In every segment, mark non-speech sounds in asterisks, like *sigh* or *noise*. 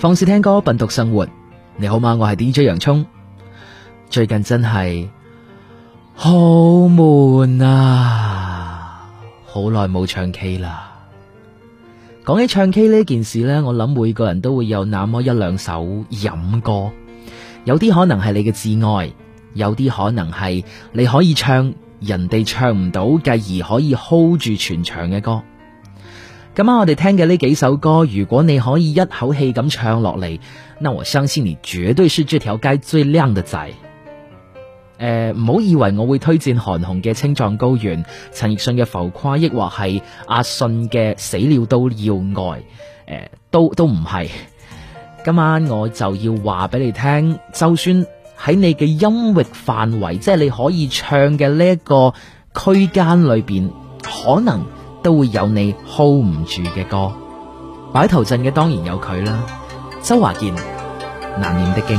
放肆聽歌，品讀生活，你好嗎？我係 DJ 洋蔥，最近真係好悶啊，好耐冇唱 K 啦。講起唱 K 呢件事呢，我諗每個人都會有那麼一兩首飲歌，有啲可能係你嘅摯愛，有啲可能係你可以唱，人哋唱唔到，繼而可以 hold 住全場嘅歌。今晚我哋聽嘅呢幾首歌，如果你可以一口氣咁唱落嚟，那我相信你絕對是這條街最靚嘅仔。誒、呃，唔好以為我會推薦韓紅嘅《青藏高原》，陳奕迅嘅《浮誇》，抑或係阿信嘅《死了都要愛》呃。誒，都都唔係。今晚我就要話俾你聽，就算喺你嘅音域範圍，即、就、係、是、你可以唱嘅呢一個區間裏邊，可能。都會有你 hold 唔住嘅歌，擺頭陣嘅當然有佢啦。周華健，難念的經。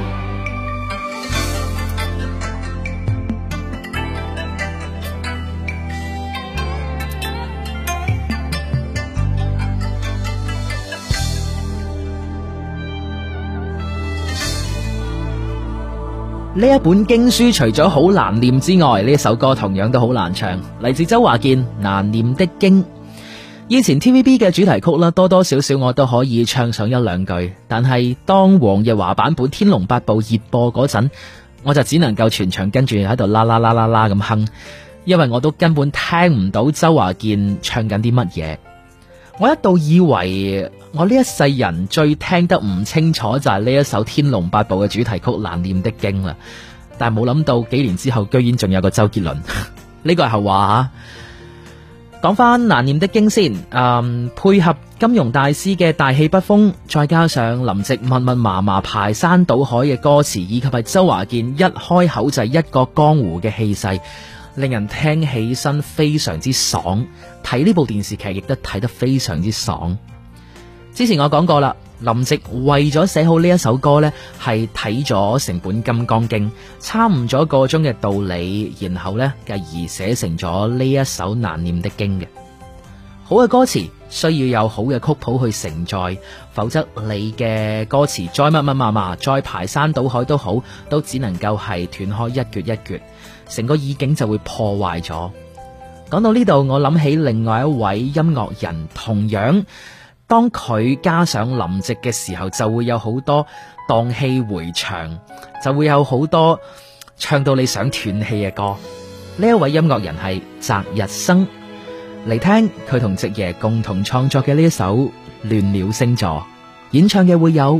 呢一本經書除咗好難念之外，呢首歌同樣都好難唱。嚟自周華健《難念的經》，以前 TVB 嘅主題曲啦，多多少少我都可以唱上一兩句。但係當黃日華版本《天龍八部》熱播嗰陣，我就只能夠全場跟住喺度啦啦啦啦啦咁哼，因為我都根本聽唔到周華健唱緊啲乜嘢。我一度以為我呢一世人最聽得唔清楚就係呢一首《天龍八部》嘅主題曲《難念的經》啦，但係冇諗到幾年之後居然仲有一個周杰倫， *laughs* 呢個係後話吓、啊。講翻《難念的經》先，嗯、配合金庸大師嘅大氣不風，再加上林夕密密麻麻排山倒海嘅歌詞，以及係周華健一開口就係一個江湖嘅氣勢，令人聽起身非常之爽。睇呢部電視劇亦都睇得非常之爽。之前我講過啦，林夕為咗寫好呢一首歌呢係睇咗成本《金剛經》，參悟咗個中嘅道理，然後呢繼而寫成咗呢一首難念的經嘅。好嘅歌詞需要有好嘅曲譜去承載，否則你嘅歌詞再乜乜嘛嘛，再排山倒海都好，都只能夠係斷開一橛一橛，成個意境就會破壞咗。講到呢度，我諗起另外一位音樂人，同樣當佢加上林夕嘅時候，就會有好多盪氣迴腸，就會有好多唱到你想斷氣嘅歌。呢一位音樂人係澤日生，嚟聽佢同夕爺共同創作嘅呢一首《亂了星座》，演唱嘅會有。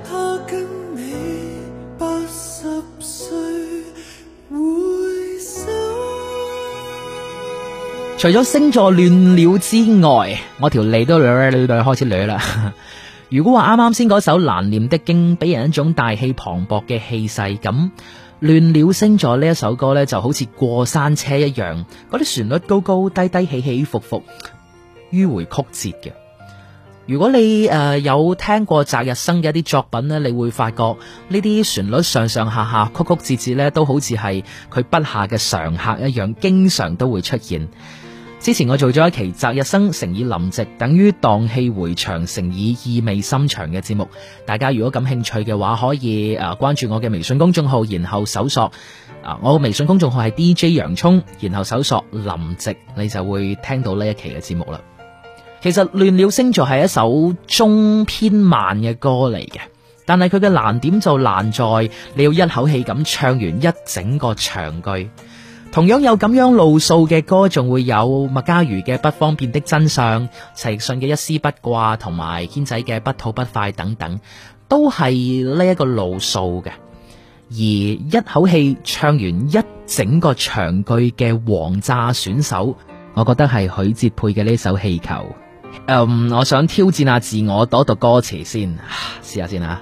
除咗星座亂了之外，我條脷都捋捋捋開始捋啦。 *laughs* 如果話啱啱先嗰首難念的經俾人一種大氣磅礴嘅氣勢，咁亂了星座呢一首歌呢，就好似過山車一樣，嗰啲旋律高高低低、起起伏伏、迂回曲折嘅。如果你誒、呃、有聽過澤日生嘅一啲作品呢，你會發覺呢啲旋律上上下下、曲曲折折咧都好似係佢筆下嘅常客一樣，經常都會出現。之前我做咗一期擇日生，乘以林夕，等於蕩氣迴腸，乘以意，意味深長嘅節目，大家如果感興趣嘅話，可以誒關注我嘅微信公眾號，然後搜索啊我嘅微信公眾號係 DJ 洋蔥，然後搜索林夕，你就會聽到呢一期嘅節目啦。其實亂了星座係一首中偏慢嘅歌嚟嘅，但係佢嘅難點就難在你要一口氣咁唱完一整個長句。同樣有咁樣路數嘅歌，仲會有麥家瑜嘅不方便的真相、陳奕迅嘅一絲不掛、同埋軒仔嘅不吐不快等等，都係呢一個路數嘅。而一口氣唱完一整個長句嘅王炸選手，我覺得係許哲佩嘅呢首氣球。嗯，我想挑戰下自我，讀一讀歌詞先，試下先，啊。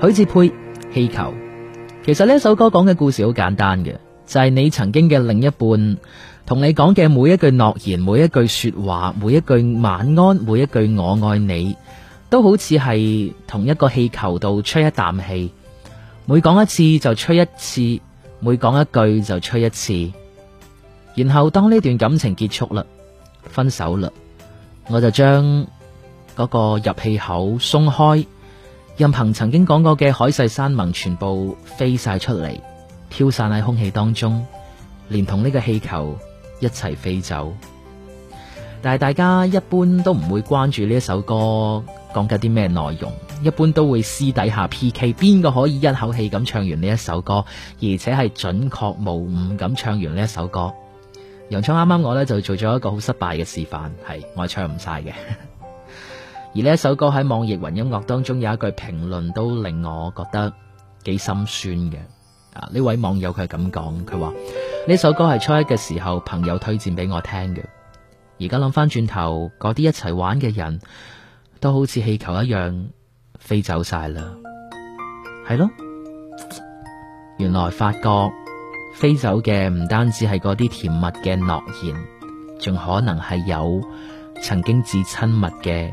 好似配氣球，其實呢首歌講嘅故事好簡單嘅，就係你曾經嘅另一半同你講嘅每一句諾言、每一句說話、每一句晚安、每一句我愛你，都好似係同一個氣球度吹一啖氣，每講一次就吹一次，每講一句就吹一次，然後當呢段感情結束啦，分手啦，我就將嗰個入氣口鬆開。任憑曾經講過嘅海誓山盟全部飛晒出嚟，飄散喺空氣當中，連同呢個氣球一齊飛走。但係大家一般都唔會關注呢一首歌講緊啲咩內容，一般都會私底下 PK 邊個可以一口氣咁唱完呢一首歌，而且係準確無誤咁唱完呢一首歌。楊聰啱啱我呢就做咗一個好失敗嘅示範，係我是唱唔晒嘅。 *laughs* 而呢一首歌喺網易雲音樂當中有一句評論都令我覺得幾心酸嘅。啊，呢位網友佢係咁講，佢話呢首歌係初一嘅時候朋友推薦俾我聽嘅。而家諗翻轉頭，嗰啲一齊玩嘅人都好似氣球一樣飛走晒啦，係咯。原來發覺飛走嘅唔單止係嗰啲甜蜜嘅諾言，仲可能係有曾經至親密嘅。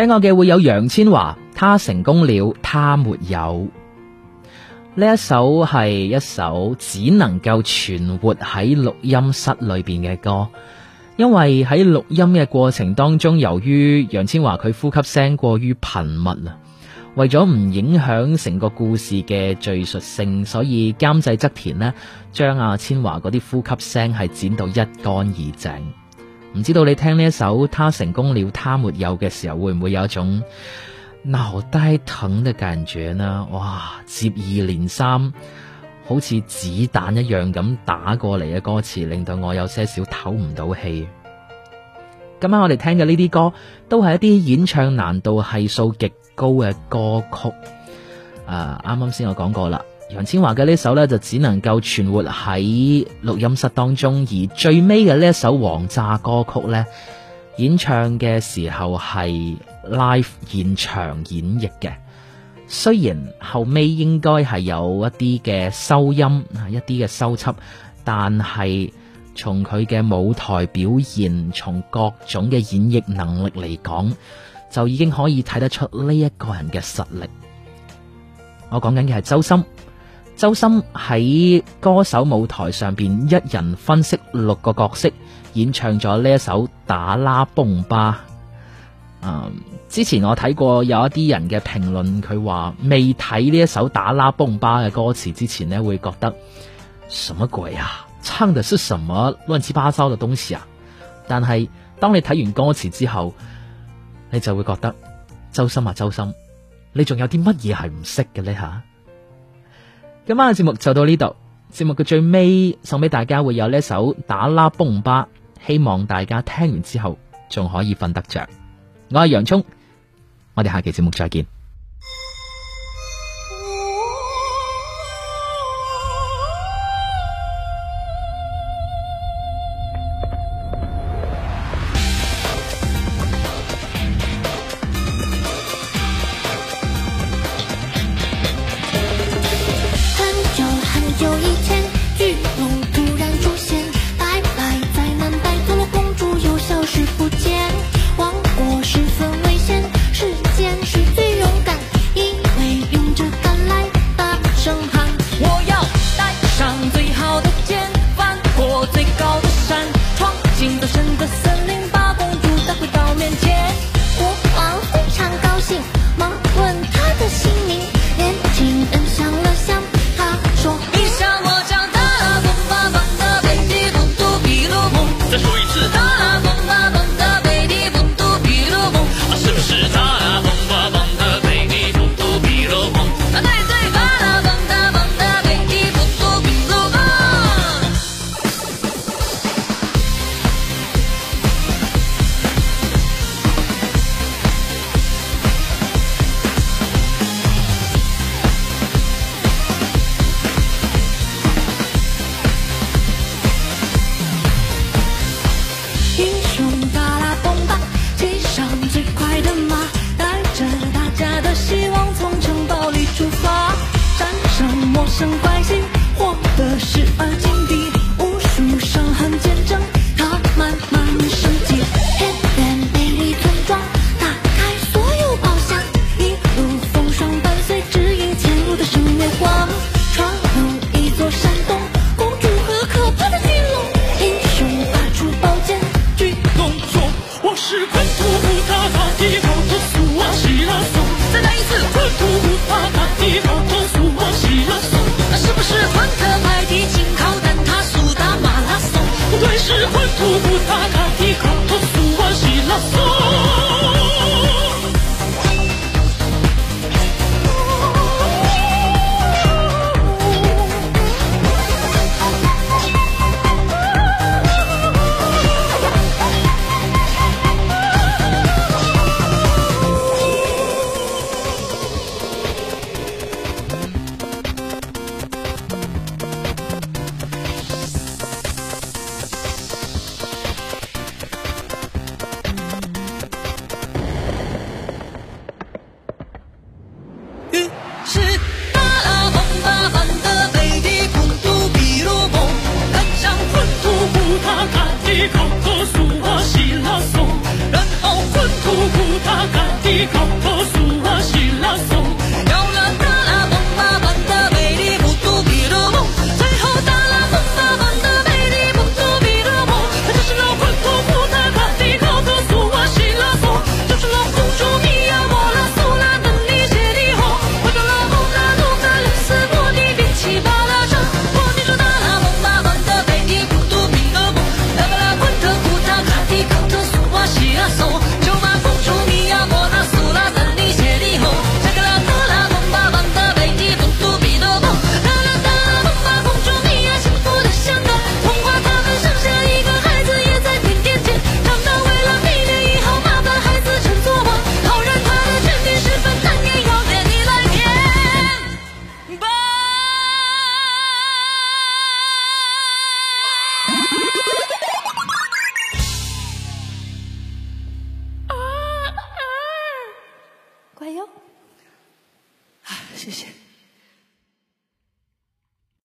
聽我嘅會有楊千嬅，他成功了，他沒有。呢一首係一首只能夠存活喺錄音室裏邊嘅歌，因為喺錄音嘅過程當中，由於楊千嬅佢呼吸聲過於頻密啦，為咗唔影響成個故事嘅敘述性，所以監製側田呢將阿、啊、千嬅嗰啲呼吸聲係剪到一乾二淨。唔知道你聽呢一首，他成功了，他沒有嘅時候，會唔會有一種留低疼嘅感覺呢？哇，接二連三，好似子彈一樣咁打過嚟嘅歌詞，令到我有些少透唔到氣。今晚我哋聽嘅呢啲歌，都係一啲演唱難度係數極高嘅歌曲。啊，啱啱先我講過啦。楊千嬅嘅呢首呢，就只能夠存活喺錄音室當中，而最尾嘅呢一首王炸歌曲呢，演唱嘅時候係 live 現場演繹嘅。雖然後尾應該係有一啲嘅收音，一啲嘅收輯，但係從佢嘅舞台表現，從各種嘅演繹能力嚟講，就已經可以睇得出呢一個人嘅實力。我講緊嘅係周深。周深喺歌手舞台上邊一人分飾六個角色，演唱咗呢一首《打拉蹦巴》。啊、嗯，之前我睇過有一啲人嘅評論，佢話未睇呢一首《打拉蹦巴》嘅歌詞之前呢，會覺得什麼鬼啊，唱的是什麼亂七八糟的東西啊！但係當你睇完歌詞之後，你就會覺得周深啊，周深，你仲有啲乜嘢係唔識嘅呢？」吓？今晚嘅節目就到呢度，節目嘅最尾送俾大家會有呢一首打啦蹦巴，希望大家聽完之後仲可以瞓得着。我係洋葱，我哋下期節目再見。